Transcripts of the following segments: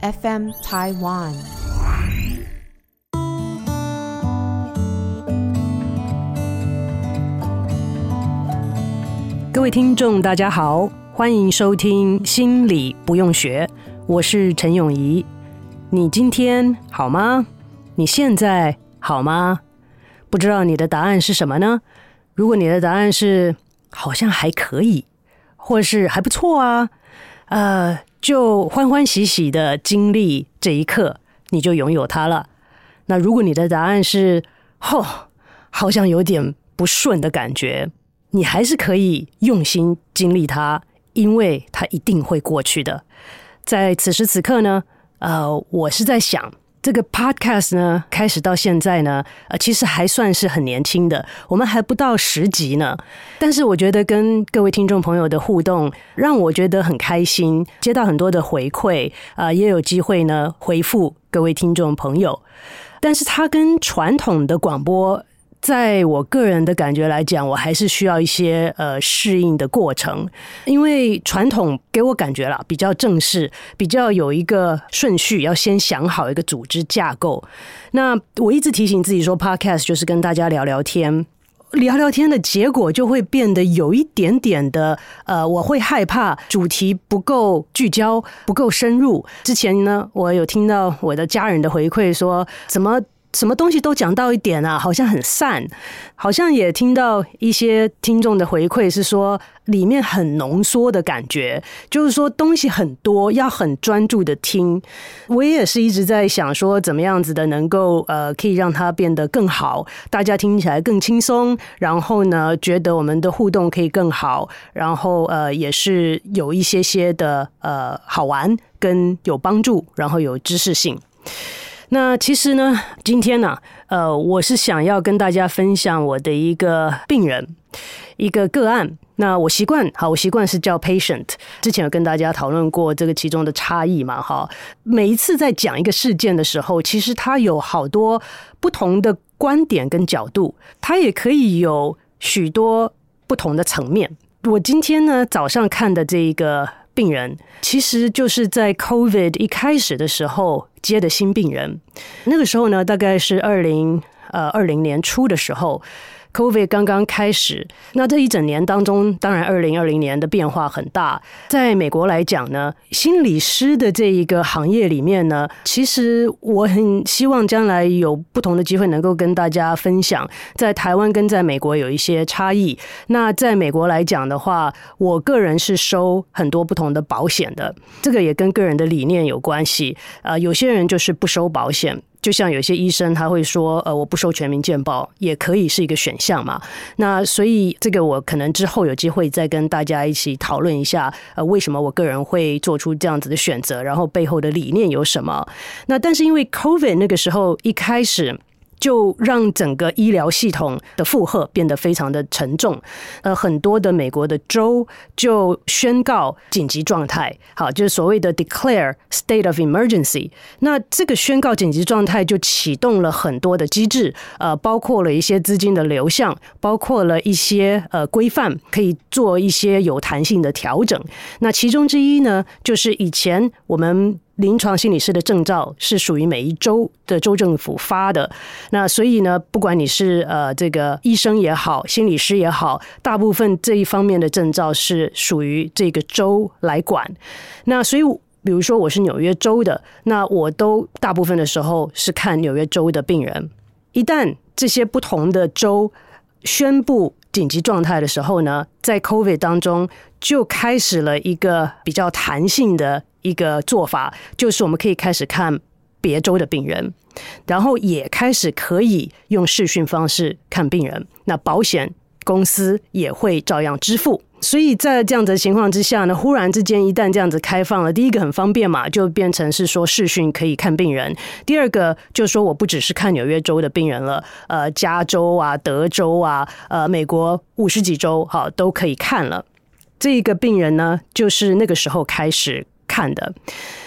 FM Taiwan，各位聽眾，大家好，歡迎收聽《心理不用學》，我是陳永儀。你今天好嗎？你現在好嗎？不知道你的答案是什麼呢？如果你的答案是好像還可以，或是還不錯啊，呃。就歡歡喜喜的經歷這一刻，你就擁有它了。那如果你的答案是“吼”，好像有點不順的感覺，你還是可以用心經歷它，因為它一定會過去的。在此時此刻呢，呃，我是在想。這個 podcast 呢，開始到現在呢，呃，其實還算是很年輕的，我們還不到十集呢。但是我覺得跟各位聽眾朋友的互動，讓我覺得很開心，接到很多的回饋，啊、呃，也有機會呢回復各位聽眾朋友。但是它跟傳統的廣播。在我個人的感覺來講，我還是需要一些呃適應的過程，因為傳統給我感覺啦，比較正式，比較有一個順序，要先想好一個組織架構。那我一直提醒自己說，Podcast 就是跟大家聊聊天，聊聊天的結果就會變得有一點點的呃，我會害怕主題不夠聚焦、不夠深入。之前呢，我有聽到我的家人的回饋說，怎麼？什麼東西都講到一點啊，好像很散，好像也聽到一些聽眾的回饋是說裡面很濃縮的感覺，就是說東西很多，要很專注的聽。我也是一直在想說怎麼樣子的能夠呃可以讓它變得更好，大家聽起來更輕鬆，然後呢覺得我們的互動可以更好，然後呃也是有一些些的呃好玩跟有幫助，然後有知識性。那其實呢，今天呢，啊，呃，我是想要跟大家分享我的一個病人，一個個案。那我習慣，好，我習慣是叫 patient。之前有跟大家討論過這個其中的差異嘛？哈，每一次在講一個事件的時候，其實它有好多不同的觀點跟角度，它也可以有許多不同的層面。我今天呢，早上看的這一個。病人其實就是在 COVID 一開始的時候接的新病人，那個時候呢，大概是二零呃二零年初的時候。COVID 剛剛開始，那這一整年當中，當然二零二零年的變化很大。在美國來講呢，心理師的這一個行業裡面呢，其實我很希望將來有不同的機會能夠跟大家分享，在台灣跟在美國有一些差異。那在美國來講的話，我個人是收很多不同的保險的，這個也跟個人的理念有關係。呃，有些人就是不收保險。就像有些醫生他會說，呃，我不收全民健保，也可以是一個選項嘛。那所以這個我可能之後有機會再跟大家一起討論一下，呃，為什麼我個人會做出這樣子的選擇，然後背後的理念有什麼。那但是因為 COVID 那個時候一開始，就讓整個醫療系統的負荷變得非常的沉重，呃，很多的美國的州，就宣告緊急狀態，好，就是所謂的 declare state of emergency。那這個宣告緊急狀態就啟動了很多的機制，呃，包括了一些資金的流向，包括了一些呃規範，可以做一些有彈性的調整。那其中之一呢，就是以前我們。臨床心理師的證照是屬於每一州的州政府發的，那所以呢，不管你是呃這個醫生也好，心理師也好，大部分這一方面的證照是屬於這個州來管。那所以，比如說我是紐約州的，那我都大部分的時候是看紐約州的病人。一旦這些不同的州宣布，緊急狀態的時候呢，在 COVID 當中就開始了一個比較彈性的一個做法，就是我們可以開始看別州的病人，然後也開始可以用視訊方式看病人，那保險公司也會照樣支付。所以在這樣的情況之下呢，忽然之間一旦這樣子開放了，第一個很方便嘛，就變成是說視訊可以看病人。第二個就說我不只是看紐約州的病人了，呃，加州啊、德州啊、呃，美國五十幾州，好，都可以看了。這個病人呢，就是那個時候開始看的，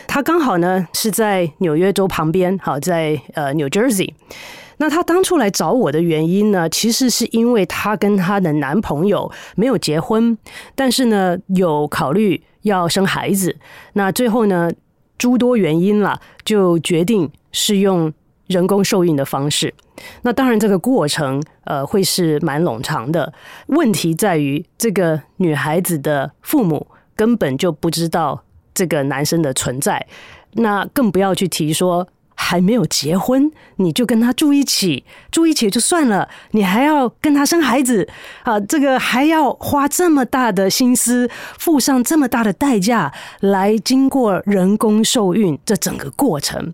他剛好呢是在紐約州旁邊，好，在呃 New Jersey。那她當初來找我的原因呢，其實是因為她跟她的男朋友沒有結婚，但是呢有考慮要生孩子。那最後呢，諸多原因了，就決定是用人工受孕的方式。那當然這個過程，呃，會是蠻冗長的。問題在於，這個女孩子的父母根本就不知道這個男生的存在，那更不要去提說。還沒有結婚，你就跟他住一起，住一起就算了，你還要跟他生孩子啊！這個還要花這麼大的心思，付上這麼大的代價來經過人工受孕這整個過程。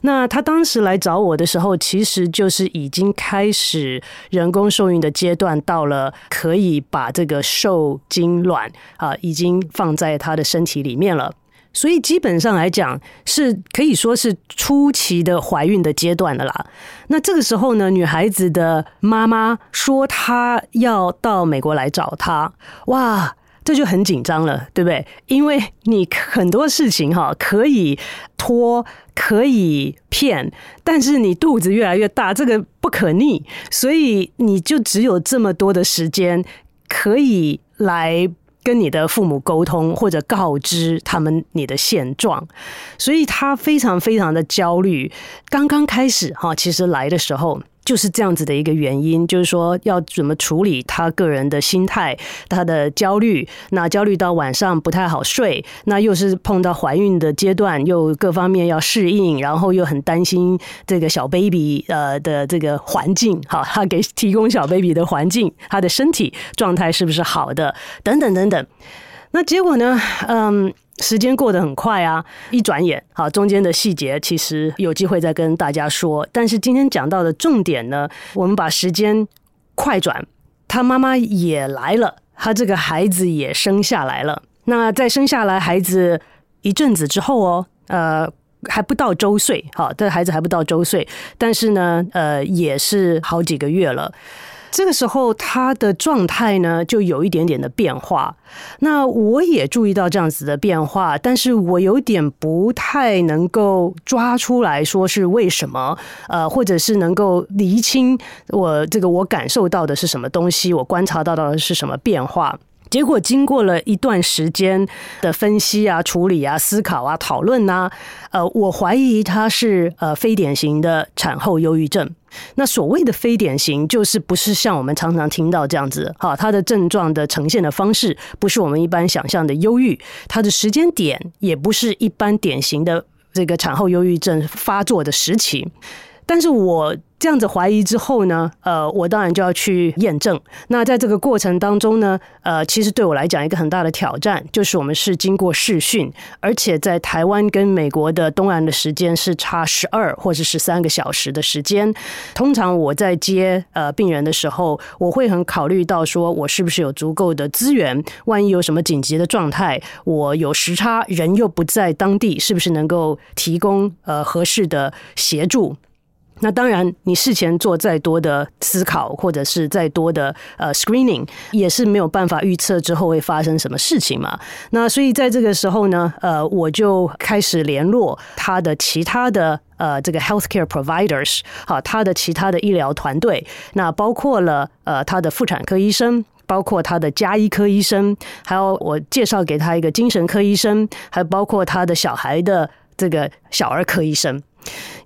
那他當時來找我的時候，其實就是已經開始人工受孕的階段，到了可以把這個受精卵啊已經放在他的身體裡面了。所以基本上來講，是可以說是初期的懷孕的階段了啦。那這個時候呢，女孩子的媽媽說她要到美國來找她，哇，這就很緊張了，對不對？因為你很多事情哈可以拖，可以騙，但是你肚子越來越大，這個不可逆，所以你就只有這麼多的時間可以來，跟你的父母溝通，或者告知他們你的現狀，所以他非常非常的焦慮。剛剛開始哈，其實來的時候。就是這樣子的一個原因，就是說要怎麼處理她個人的心態，她的焦慮，那焦慮到晚上不太好睡，那又是碰到懷孕的階段，又各方面要適應，然後又很擔心這個小 baby 呃的這個環境，好，他給提供小 baby 的環境，他的身體狀態是不是好的，等等等等。那結果呢？嗯，時間過得很快啊，一轉眼，好，中間的細節其實有機會再跟大家說。但是今天講到的重點呢，我們把時間快轉，他媽媽也來了，他這個孩子也生下來了。那在生下來孩子一陣子之後哦，呃，還不到週歲，好，這孩子還不到週歲，但是呢，呃，也是好幾個月了。這個時候他的狀態呢，就有一點點的變化。那我也注意到這樣子的變化，但是我有點不太能夠抓出來說是為什麼，呃，或者是能夠釐清我這個我感受到的是什麼東西，我觀察到的是什麼變化。結果經過了一段時間的分析啊、處理啊、思考啊、討論吶、啊，呃，我懷疑他是呃非典型的產後憂鬱症。那所謂的非典型，就是不是像我們常常聽到這樣子哈，他的症狀的呈現的方式不是我們一般想象的憂鬱，他的時間點也不是一般典型的這個產後憂鬱症發作的時期。但是我這樣子懷疑之後呢，呃，我當然就要去驗證。那在這個過程當中呢，呃，其實對我來講一個很大的挑戰就是，我們是經過視訊，而且在台灣跟美國的東岸的時間是差十二或者十三個小時的時間。通常我在接呃病人的時候，我會很考慮到說，我是不是有足夠的資源？萬一有什麼緊急的狀態，我有時差，人又不在當地，是不是能夠提供呃合適的協助？那當然，你事前做再多的思考，或者是再多的呃 screening，也是沒有辦法預測之後會發生什麼事情嘛。那所以在這個時候呢，呃，我就開始聯絡他的其他的呃這個 healthcare providers，好，他的其他的醫療團隊，那包括了呃他的婦產科醫生，包括他的家醫科醫生，還有我介紹給他一個精神科醫生，還包括他的小孩的這個小兒科醫生。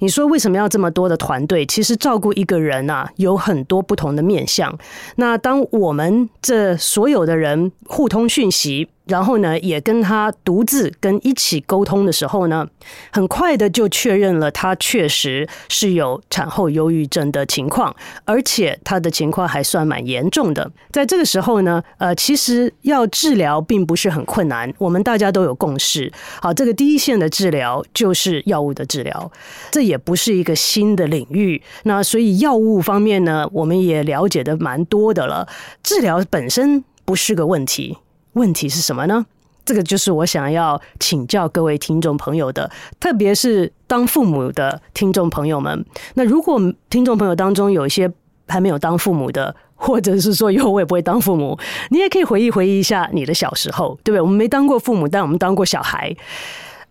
你說為什麼要這麼多的團隊？其實照顧一個人啊，有很多不同的面向。那當我們這所有的人互通訊息。然後呢，也跟他獨自跟一起溝通的時候呢，很快的就確認了他確實是有產後憂鬱症的情況，而且他的情況還算蠻嚴重的。在這個時候呢，呃，其實要治療並不是很困難，我們大家都有共識。好，這個第一線的治療就是藥物的治療，這也不是一個新的領域。那所以藥物方面呢，我們也了解的蠻多的了。治療本身不是個問題。問題是什麼呢？這個就是我想要請教各位聽眾朋友的，特別是當父母的聽眾朋友們。那如果聽眾朋友當中有一些還沒有當父母的，或者是說以後我也不會當父母，你也可以回憶回憶一下你的小時候，對不對？我們沒當過父母，但我們當過小孩。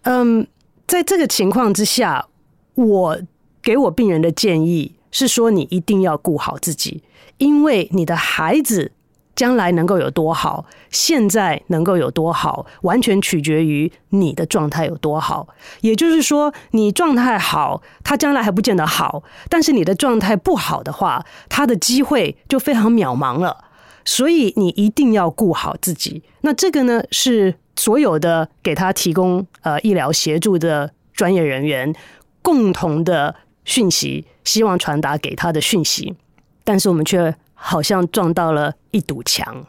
嗯，在這個情況之下，我給我病人的建議是說，你一定要顧好自己，因為你的孩子將來能夠有多好。現在能夠有多好，完全取決於你的狀態有多好。也就是說，你狀態好，他將來還不見得好；但是你的狀態不好的話，他的機會就非常渺茫了。所以你一定要顧好自己。那這個呢，是所有的給他提供，呃，醫療協助的專業人員，共同的訊息，希望傳達給他的訊息。但是我們卻好像撞到了一堵牆。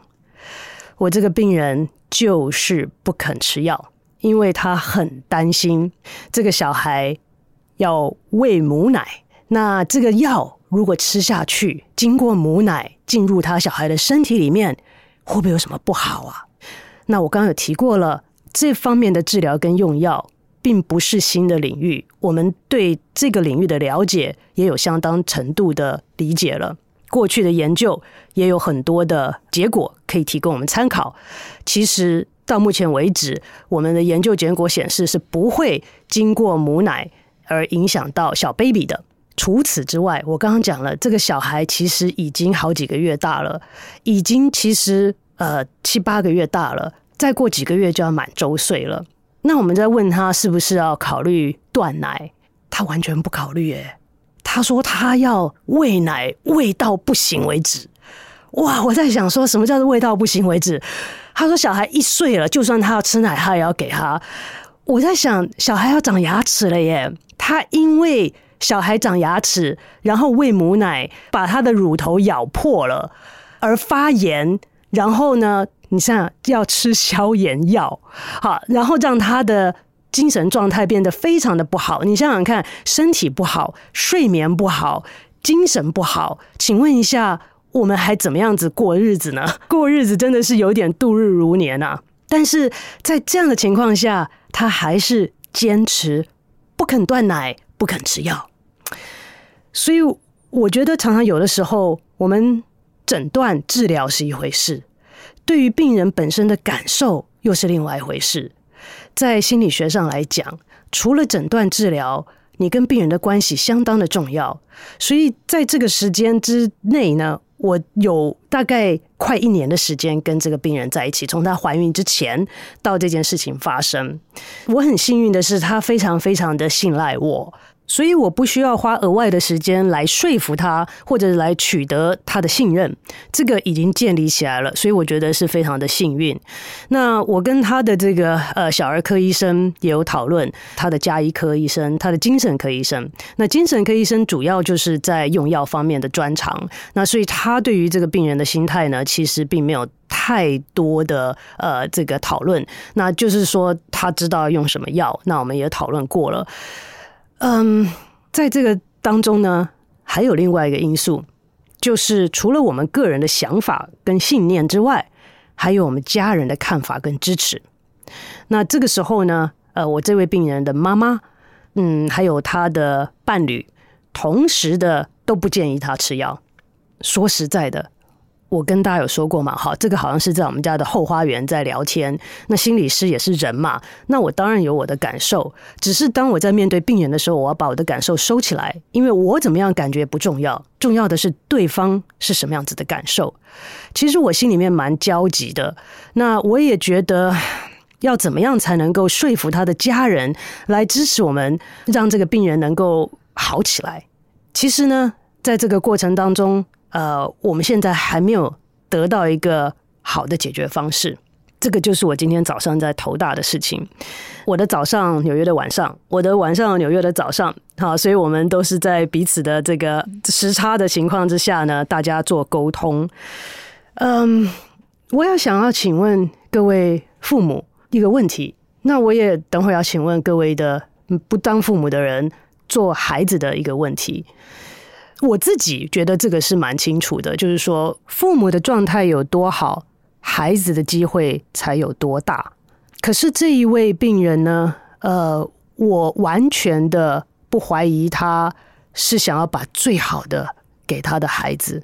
我這個病人就是不肯吃藥，因為他很擔心這個小孩要餵母奶。那這個藥如果吃下去，經過母奶進入他小孩的身體裡面，會不會有什麼不好啊？那我剛剛有提過了，這方面的治療跟用藥並不是新的領域，我們對這個領域的了解也有相當程度的理解了。過去的研究也有很多的結果可以提供我們參考。其實到目前為止，我們的研究結果顯示是不會經過母奶而影響到小 baby 的。除此之外，我剛剛講了，這個小孩其實已經好幾個月大了，已經其實呃七八個月大了，再過幾個月就要滿周歲了。那我們在問他是不是要考慮斷奶，他完全不考慮耶、欸。他說他要餵奶餵到不行為止，哇！我在想說什麼叫做餵到不行為止？他說小孩一歲了，就算他要吃奶，他也要給他。我在想小孩要長牙齒了耶，他因為小孩長牙齒，然後餵母奶把他的乳頭咬破了而發炎，然後呢，你想，要吃消炎藥好，然後讓他的。精神狀態變得非常的不好，你想想看，身體不好，睡眠不好，精神不好，請問一下，我們還怎麼樣子過日子呢？過日子真的是有點度日如年啊！但是在這樣的情況下，他還是堅持不肯斷奶，不肯吃藥。所以我覺得，常常有的時候，我們診斷治療是一回事，對於病人本身的感受又是另外一回事。在心理學上來講，除了診斷治療，你跟病人的關係相當的重要。所以在這個時間之內呢，我有大概快一年的時間跟這個病人在一起，從她懷孕之前到這件事情發生。我很幸運的是，她非常非常的信賴我。所以我不需要花額外的時間來說服他，或者是來取得他的信任，這個已經建立起來了。所以我覺得是非常的幸運。那我跟他的這個呃小兒科醫生也有討論，他的家醫科醫生，他的精神科醫生。那精神科醫生主要就是在用藥方面的專長。那所以他對於這個病人的心態呢，其實並沒有太多的呃這個討論。那就是說他知道用什麼藥，那我們也討論過了。嗯，um, 在這個當中呢，還有另外一個因素，就是除了我們個人的想法跟信念之外，還有我們家人的看法跟支持。那這個時候呢，呃，我這位病人的媽媽，嗯，還有她的伴侶，同時的都不建議她吃藥，說實在的。我跟大家有說過嘛，好，這個好像是在我們家的後花園在聊天。那心理師也是人嘛，那我當然有我的感受。只是當我在面對病人的時候，我要把我的感受收起來，因為我怎麼樣感覺不重要，重要的是對方是什麼樣子的感受。其實我心裡面蠻焦急的。那我也覺得要怎麼樣才能夠說服他的家人來支持我們，讓這個病人能夠好起來。其實呢，在這個過程當中。呃，uh, 我們現在還沒有得到一個好的解決方式，這個就是我今天早上在頭大的事情。我的早上紐約的晚上，我的晚上紐約的早上，好，所以我們都是在彼此的這個時差的情況之下呢，大家做溝通。嗯、um,，我也想要請問各位父母一個問題，那我也等會兒要請問各位的不當父母的人做孩子的一個問題。我自己覺得這個是蠻清楚的，就是說父母的狀態有多好，孩子的機會才有多大。可是這一位病人呢，呃，我完全的不懷疑他是想要把最好的給他的孩子，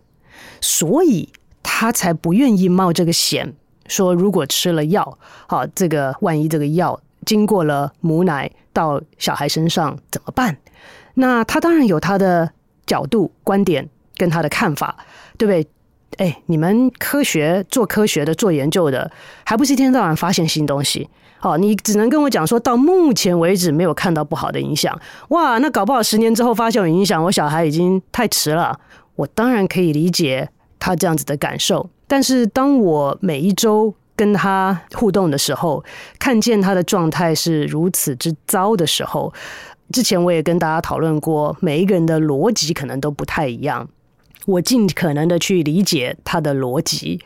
所以他才不願意冒這個險，說如果吃了藥，好，啊，這個萬一這個藥經過了母奶到小孩身上怎麼辦？那他當然有他的。角度、觀點跟他的看法，對不對？哎，你們科學做科學的、做研究的，還不是一天到晚發現新東西？好、哦，你只能跟我講說到目前為止沒有看到不好的影響，哇，那搞不好十年之後發現有影響，我小孩已經太遲了。我當然可以理解他這樣子的感受，但是當我每一周跟他互動的時候，看見他的狀態是如此之糟的時候。之前我也跟大家討論過，每一個人的邏輯可能都不太一樣。我盡可能的去理解他的邏輯。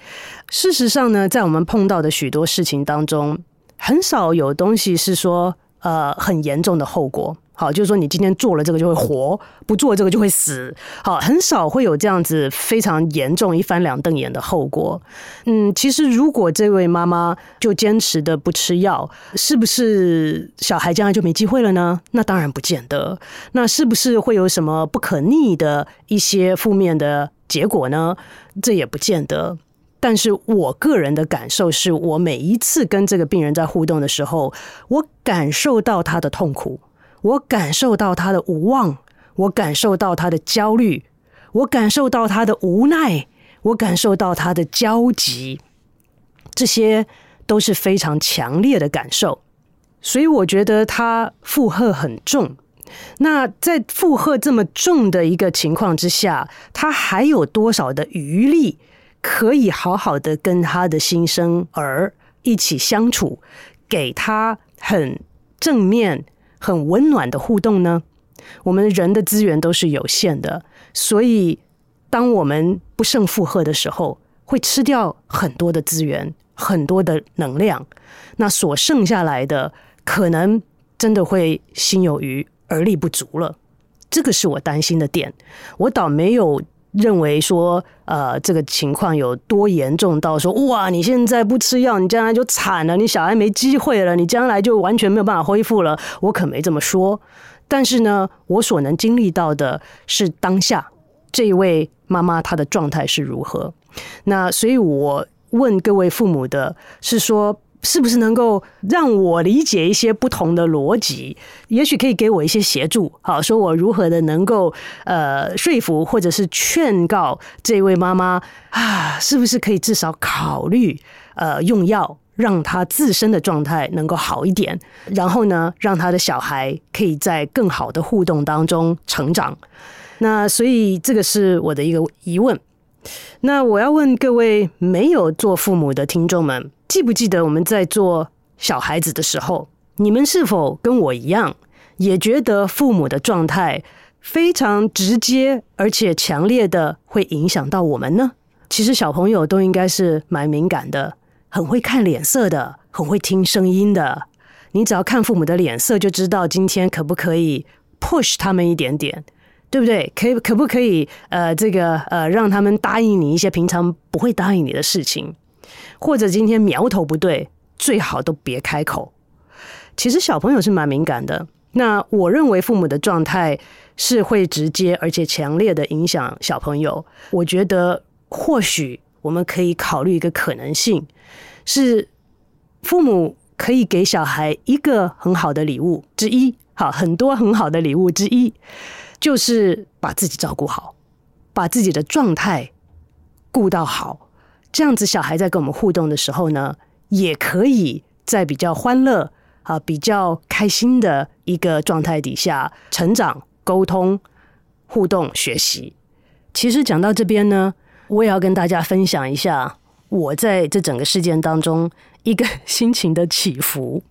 事實上呢，在我們碰到的許多事情當中，很少有東西是說呃很嚴重的後果。好，就是說你今天做了這個就會活，不做這個就會死。好，很少會有這樣子非常嚴重一翻兩瞪眼的後果。嗯，其實如果這位媽媽就堅持的不吃藥，是不是小孩將來就沒機會了呢？那當然不見得。那是不是會有什麼不可逆的一些負面的結果呢？這也不見得。但是我個人的感受是，我每一次跟這個病人在互動的時候，我感受到他的痛苦。我感受到他的無望，我感受到他的焦慮，我感受到他的無奈，我感受到他的焦急，這些都是非常強烈的感受。所以我覺得他負荷很重。那在負荷這麼重的一個情況之下，他還有多少的餘力可以好好的跟他的新生兒一起相處，給他很正面。很溫暖的互動呢。我們人的資源都是有限的，所以當我們不勝負荷的時候，會吃掉很多的資源，很多的能量。那所剩下來的，可能真的會心有餘而力不足了。這個是我擔心的點。我倒沒有，認為說，呃，這個情況有多嚴重，到說哇，你現在不吃藥，你將來就慘了，你小孩沒機會了，你將來就完全沒有辦法恢復了。我可沒這麼說，但是呢，我所能經歷到的是當下這一位媽媽她的狀態是如何。那所以我問各位父母的是說，是不是能夠讓我理解一些不同的邏輯？也許可以給我一些協助，好，說我如何的能夠呃說服或者是勸告這位媽媽啊，是不是可以至少考慮呃用藥，讓她自身的狀態能夠好一點，然後呢，讓她的小孩可以在更好的互動當中成長？那所以這個是我的一個疑問。那我要問各位沒有做父母的聽眾們，記不記得我們在做小孩子的時候，你們是否跟我一樣，也覺得父母的狀態非常直接而且強烈的，會影響到我們呢？其實小朋友都應該是蠻敏感的，很會看臉色的，很會聽聲音的。你只要看父母的臉色，就知道今天可不可以 push 他們一點點。對不對？可以可不可以？呃，這個呃，讓他們答應你一些平常不會答應你的事情，或者今天苗頭不對，最好都別開口。其實小朋友是蠻敏感的。那我認為父母的狀態是會直接而且強烈的影響小朋友。我覺得或許我們可以考慮一個可能性，是父母可以給小孩一個很好的禮物之一。好，很多很好的禮物之一。就是把自己照顧好，把自己的狀態顧到好，這樣子小孩在跟我們互動的時候呢，也可以在比較歡樂啊、呃、比較開心的一個狀態底下成長、溝通、互動、學習。其實講到這邊呢，我也要跟大家分享一下我在這整個事件當中一個心情的起伏。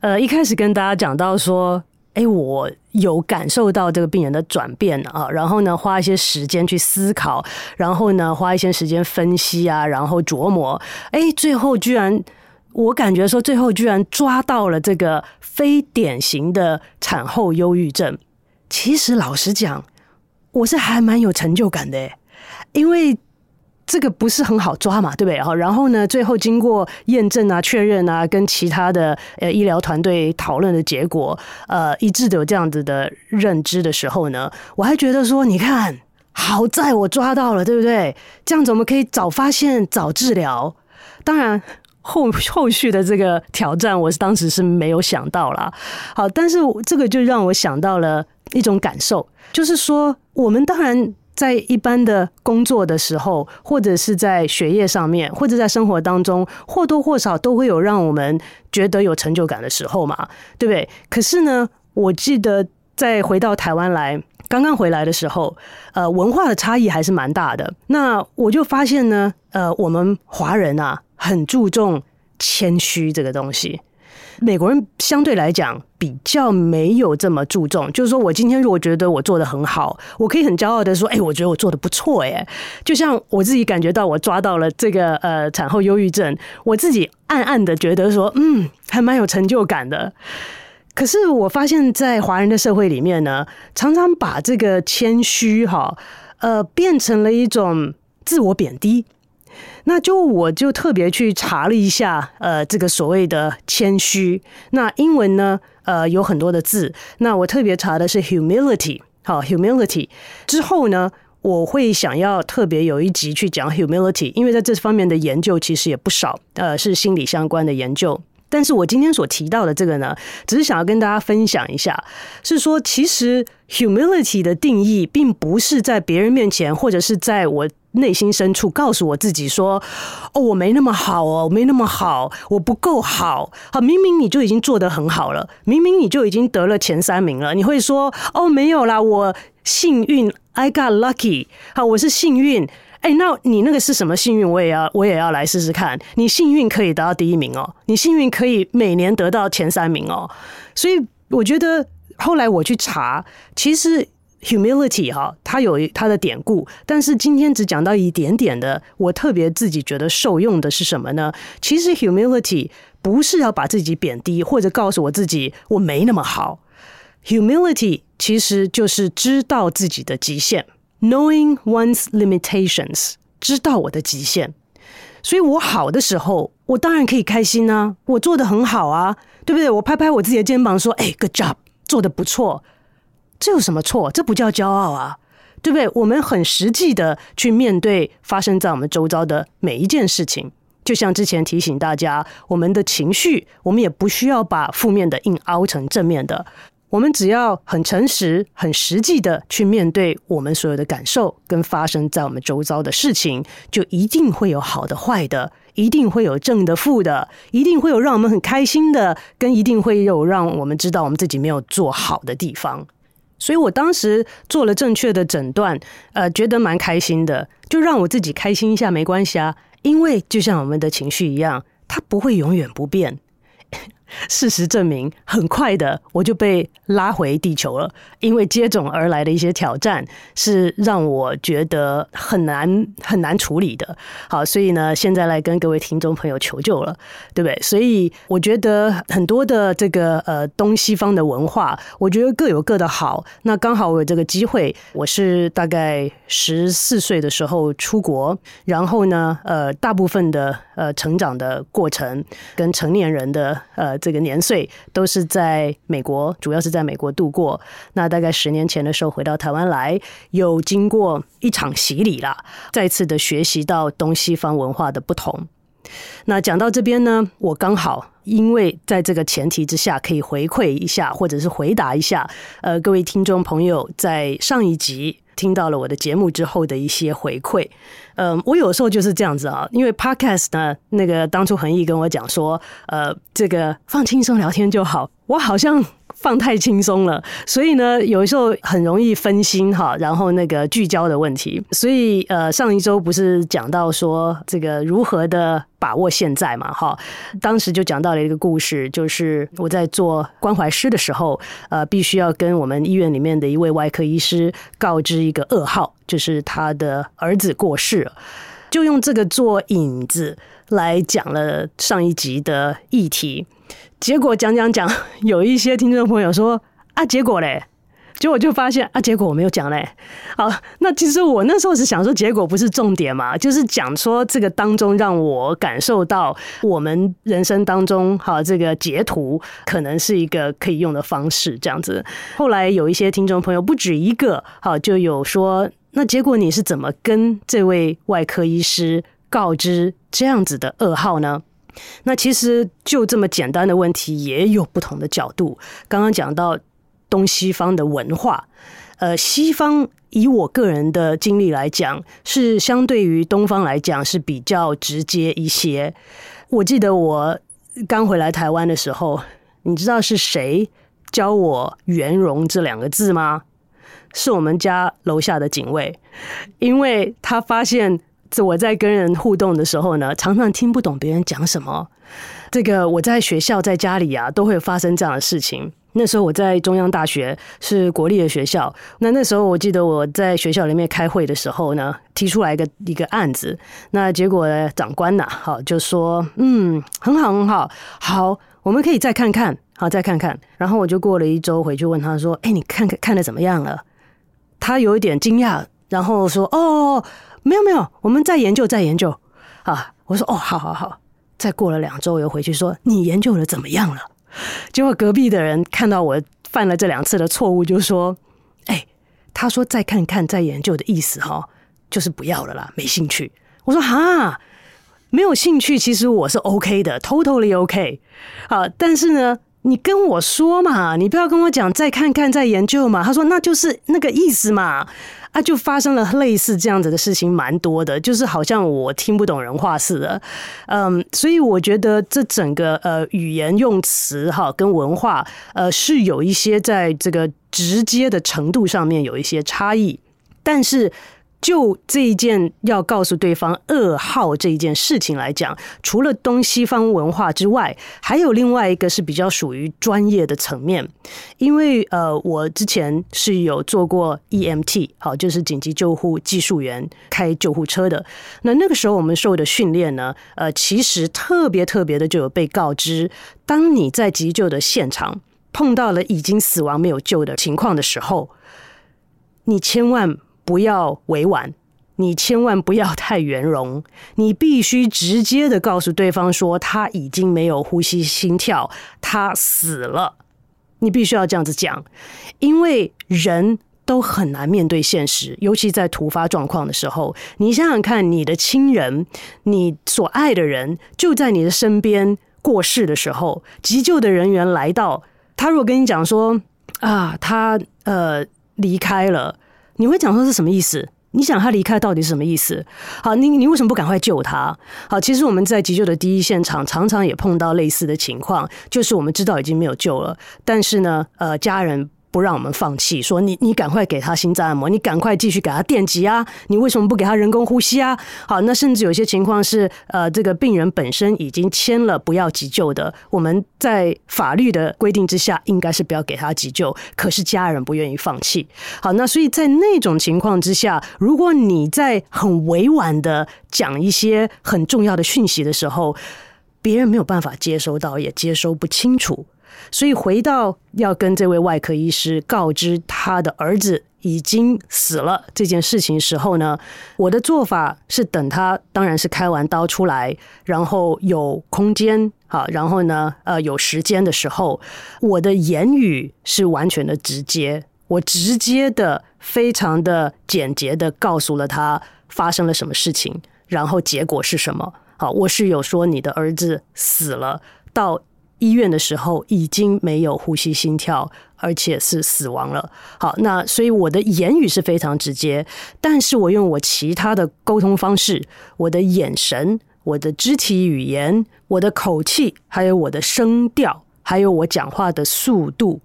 呃，一開始跟大家講到說。哎，我有感受到這個病人的轉變啊，然後呢，花一些時間去思考，然後呢，花一些時間分析啊，然後琢磨，哎，最後居然，我感覺說，最後居然抓到了這個非典型的產後憂鬱症。其實老實講，我是還蠻有成就感的誒，因為。這個不是很好抓嘛，對不對？然後呢，最後經過驗證啊、確認啊，跟其他的呃醫療團隊討論的結果，呃，一致的有這樣子的認知的時候呢，我還覺得說，你看，好在我抓到了，對不對？這樣子我們可以早發現、早治療。當然後後續的這個挑戰，我是當時是沒有想到了。好，但是這個就讓我想到了一種感受，就是說，我們當然。在一般的工作的時候，或者是在學業上面，或者在生活當中，或多或少都會有讓我們覺得有成就感的時候嘛，對不對？可是呢，我記得在回到台灣來，剛剛回來的時候，呃，文化的差異還是蠻大的。那我就發現呢，呃，我們華人啊，很注重謙虛這個東西。美國人相對來講比較沒有這麼注重，就是說我今天如果覺得我做得很好，我可以很驕傲的說，哎、欸，我覺得我做得不錯耶。就像我自己感覺到我抓到了這個呃產後憂鬱症，我自己暗暗的覺得說，嗯，還蠻有成就感的。可是我發現，在華人的社會裡面呢，常常把這個謙虛哈，呃，變成了一種自我貶低。那就我就特別去查了一下，呃，這個所謂的謙虛，那英文呢，呃，有很多的字。那我特別查的是 humility，好，humility。humility，之後呢，我會想要特別有一集去講 humility，因為在這方面的研究其實也不少，呃，是心理相關的研究。但是我今天所提到的這個呢，只是想要跟大家分享一下，是說其實 humility 的定義，並不是在別人面前，或者是在我內心深處告訴我自己說，哦，我沒那麼好哦，我沒那麼好，我不夠好。好，明明你就已經做得很好了，明明你就已經得了前三名了，你會說，哦，沒有啦，我幸運，I got lucky。好，我是幸運。哎，那你那個是什麼幸運？我也要，我也要來試試看。你幸運可以得到第一名哦，你幸運可以每年得到前三名哦。所以我覺得後來我去查，其實 humility 哈、啊，它有它的典故，但是今天只講到一點點的。我特別自己覺得受用的是什麼呢？其實 humility 不是要把自己貶低，或者告訴我自己我沒那麼好。humility 其實就是知道自己的極限。Knowing one's limitations，知道我的極限，所以我好的時候，我當然可以開心啊，我做得很好啊，對不對？我拍拍我自己的肩膀說：“哎，good job，做得不錯，這有什麼錯？這不叫驕傲啊，對不對？我們很實際的去面對發生在我們周遭的每一件事情，就像之前提醒大家，我們的情緒，我們也不需要把負面的硬凹成正面的。”我們只要很誠實、很實際的去面對我們所有的感受跟發生在我們周遭的事情，就一定會有好的、壞的，一定會有正的、負的，一定會有讓我們很開心的，跟一定會有讓我們知道我們自己沒有做好的地方。所以我當時做了正確的診斷，呃，覺得蠻開心的，就讓我自己開心一下，沒關係啊，因為就像我們的情緒一樣，它不會永遠不變。事實證明，很快的我就被拉回地球了，因為接踵而來的一些挑戰是讓我覺得很難，很難處理的。好，所以呢，現在來跟各位聽眾朋友求救了，對不對？所以我覺得很多的這個呃東西方的文化，我覺得各有各的好。那剛好我有這個機會，我是大概十四歲的時候出國，然後呢，呃，大部分的呃成長的過程跟成年人的呃。這個年歲都是在美國，主要是在美國度過。那大概十年前的時候回到台灣來，又經過一場洗禮了，再次的學習到東西方文化的不同。那講到這邊呢，我剛好因為在這個前提之下，可以回饋一下，或者是回答一下，呃，各位聽眾朋友，在上一集。聽到了我的節目之後的一些回饋，嗯，我有時候就是這樣子啊，因為 Podcast 呢，那個當初恆毅跟我講說，呃，這個放輕鬆聊天就好，我好像。放太輕鬆了，所以呢，有時候很容易分心哈，然後那個聚焦的問題。所以呃，上一周不是講到說這個如何的把握現在嘛？哈，當時就講到了一個故事，就是我在做關懷師的時候，呃，必須要跟我們醫院裡面的一位外科醫師告知一個噩耗，就是他的兒子過世了，就用這個做引子。來講了上一集的議題，結果講講講，有一些聽眾朋友說啊，結果嘞，結果就發現啊，結果我沒有講嘞。好，那其實我那時候是想說，結果不是重點嘛，就是講說這個當中讓我感受到我們人生當中哈，這個截圖可能是一個可以用的方式，這樣子。後來有一些聽眾朋友不止一個好就有說，那結果你是怎麼跟這位外科醫師？告知這樣子的噩耗呢？那其實就這麼簡單的問題，也有不同的角度。剛剛講到東西方的文化，呃，西方以我個人的經歷來講，是相對於東方來講是比較直接一些。我記得我剛回來台灣的時候，你知道是誰教我“圓融”這兩個字嗎？是我們家樓下的警衛，因為他發現。我在跟人互動的時候呢，常常聽不懂別人講什麼。這個我在學校、在家裡啊，都會發生這樣的事情。那時候我在中央大學，是國立的學校。那那時候我記得我在學校裡面開會的時候呢，提出來一個一個案子。那結果呢，長官吶，啊，好就說，嗯，很好，很好，好，我們可以再看看，好，再看看。然後我就過了一周回去問他說，哎，你看看看得怎麼樣了？他有一點驚訝，然後說，哦。沒有沒有，我們再研究再研究啊！我說哦，好好好，再過了兩周我又回去說你研究的怎麼樣了？結果隔壁的人看到我犯了這兩次的錯誤，就說：“哎，他說再看看再研究的意思哈，就是不要了啦，沒興趣。”我說：“哈，沒有興趣，其實我是 OK 的，totally OK 啊！但是呢，你跟我說嘛，你不要跟我講再看看再研究嘛。”他說：“那就是那個意思嘛。”那、啊、就發生了類似這樣子的事情蠻多的，就是好像我聽不懂人話似的，嗯、um，所以我覺得這整個呃語言用詞哈跟文化呃是有一些在這個直接的程度上面有一些差異，但是。就這一件要告訴對方噩耗這一件事情來講，除了東西方文化之外，還有另外一個是比較屬於專業的層面。因為呃，我之前是有做過 EMT，好、啊，就是緊急救護技術員，開救護車的。那那個時候我們受的訓練呢，呃，其實特別特別的就有被告知，當你在急救的現場碰到了已經死亡沒有救的情況的時候，你千萬。不要委婉，你千萬不要太圓融，你必須直接的告訴對方說他已經沒有呼吸心跳，他死了。你必須要這樣子講，因為人都很難面對現實，尤其在突發狀況的時候。你想想看，你的親人，你所愛的人就在你的身邊過世的時候，急救的人員來到，他如果跟你講說啊，他呃離開了。你會講說，是什麼意思？你想他離開到底是什麼意思？好，你你為什麼不趕快救他？好，其實我們在急救的第一現場，常常也碰到類似的情況，就是我們知道已經沒有救了，但是呢，呃，家人。不讓我們放棄，說你你趕快給他心臟按摩，你趕快繼續給他電擊啊！你為什麼不給他人工呼吸啊？好，那甚至有些情況是，呃，這個病人本身已經簽了不要急救的，我們在法律的規定之下，應該是不要給他急救。可是家人不願意放棄，好，那所以在那種情況之下，如果你在很委婉的講一些很重要的訊息的時候，別人沒有辦法接收到，也接收不清楚。所以回到要跟這位外科醫師告知他的兒子已經死了這件事情時候呢，我的做法是等他當然是開完刀出來，然後有空間。好，然後呢呃有時間的時候，我的言語是完全的直接，我直接的非常的簡潔的告訴了他發生了什麼事情，然後結果是什麼。好，我是有說你的兒子死了到。醫院的時候已經沒有呼吸、心跳，而且是死亡了。好，那所以我的言語是非常直接，但是我用我其他的溝通方式，我的眼神、我的肢體語言、我的口氣，還有我的聲調，還有我講話的速度，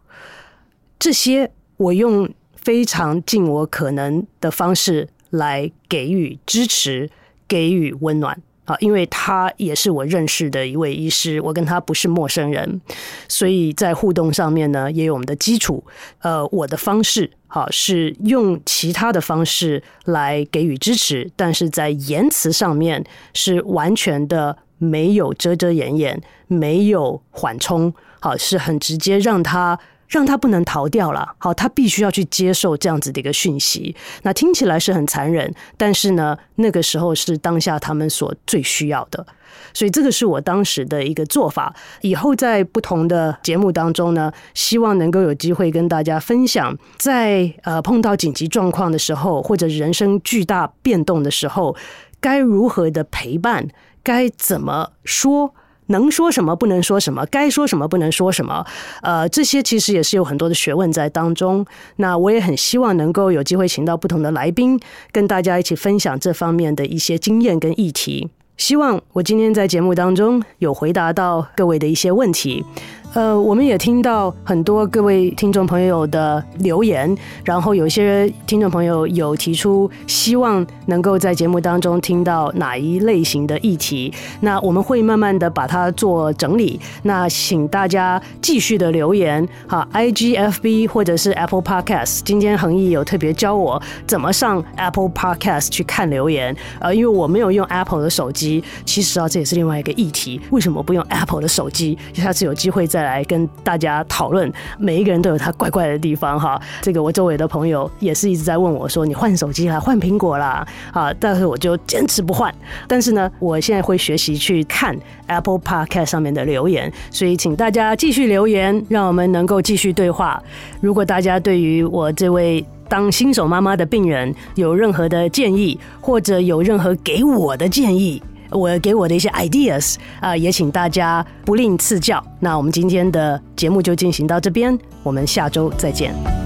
這些我用非常盡我可能的方式來給予支持，給予溫暖。啊，因為他也是我認識的一位醫師，我跟他不是陌生人，所以在互動上面呢，也有我們的基礎。呃，我的方式好，啊，是用其他的方式來給予支持，但是在言辭上面是完全的沒有遮遮掩掩，沒有緩衝，好，啊，是很直接讓他。讓他不能逃掉了。好，他必須要去接受這樣子的一個訊息。那聽起來是很殘忍，但是呢，那個時候是當下他們所最需要的，所以這個是我當時的一個做法。以後在不同的節目當中呢，希望能夠有機會跟大家分享在，在呃碰到緊急狀況的時候，或者人生巨大變動的時候，該如何的陪伴，該怎麼說。能說什麼，不能說什麼；該說什麼，不能說什麼。呃，這些其實也是有很多的學問在當中。那我也很希望能夠有機會請到不同的來賓，跟大家一起分享這方面的一些經驗跟議題。希望我今天在節目當中有回答到各位的一些問題。呃，我們也聽到很多各位聽眾朋友的留言，然後有些聽眾朋友有提出希望能夠在節目當中聽到哪一類型的議題，那我們會慢慢的把它做整理。那請大家繼續的留言，好、啊、I G F B 或者是 Apple Podcast。今天恆毅有特別教我怎麼上 Apple Podcast 去看留言，呃，因為我沒有用 Apple 的手機，其實啊，這也是另外一個議題，為什麼不用 Apple 的手機？下次有機會再來跟大家討論，每一個人都有他怪怪的地方哈。這個我周圍的朋友也是一直在問我說：“你換手機啦，換蘋果啦，啊！”但是我就堅持不換。但是呢，我現在會學習去看 Apple Podcast 上面的留言，所以請大家繼續留言，讓我們能夠繼續對話。如果大家對於我這位當新手媽媽的病人有任何的建議，或者有任何給我的建議，我給我的一些 ideas 啊，呃，也請大家不吝賜教。那我們今天的節目就進行到這邊，我們下周再見。